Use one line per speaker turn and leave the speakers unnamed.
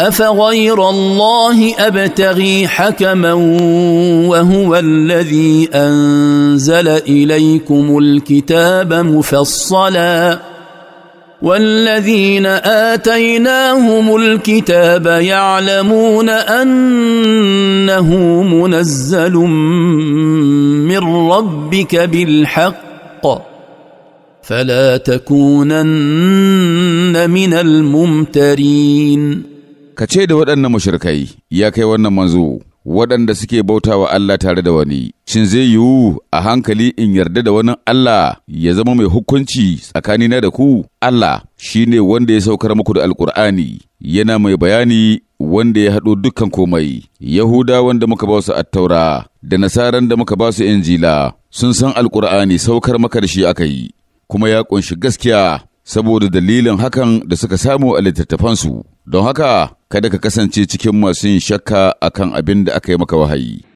افغير الله ابتغي حكما وهو الذي انزل اليكم الكتاب مفصلا والذين اتيناهم الكتاب يعلمون انه منزل من ربك بالحق فلا تكونن من الممترين
Ka ce da waɗannan mashirkai, ya kai wannan manzo, waɗanda suke bauta wa Allah tare da wani, shin zai yiwu a hankali in yarda da wani Allah ya zama mai hukunci tsakanina da ku? Allah shi ne wanda ya saukar muku da Alƙur'ani, yana mai bayani wanda ya haɗo dukkan komai, Yahuda wanda muka ba su attaura, da nasaran da muka ba su injila, sun san Alƙur'ani saukar maka da shi aka yi, kuma ya ƙunshi gaskiya saboda dalilin hakan da suka samu a littattafansu. don haka kada ka kasance cikin masu yin shakka akan abin da aka yi maka wahayi.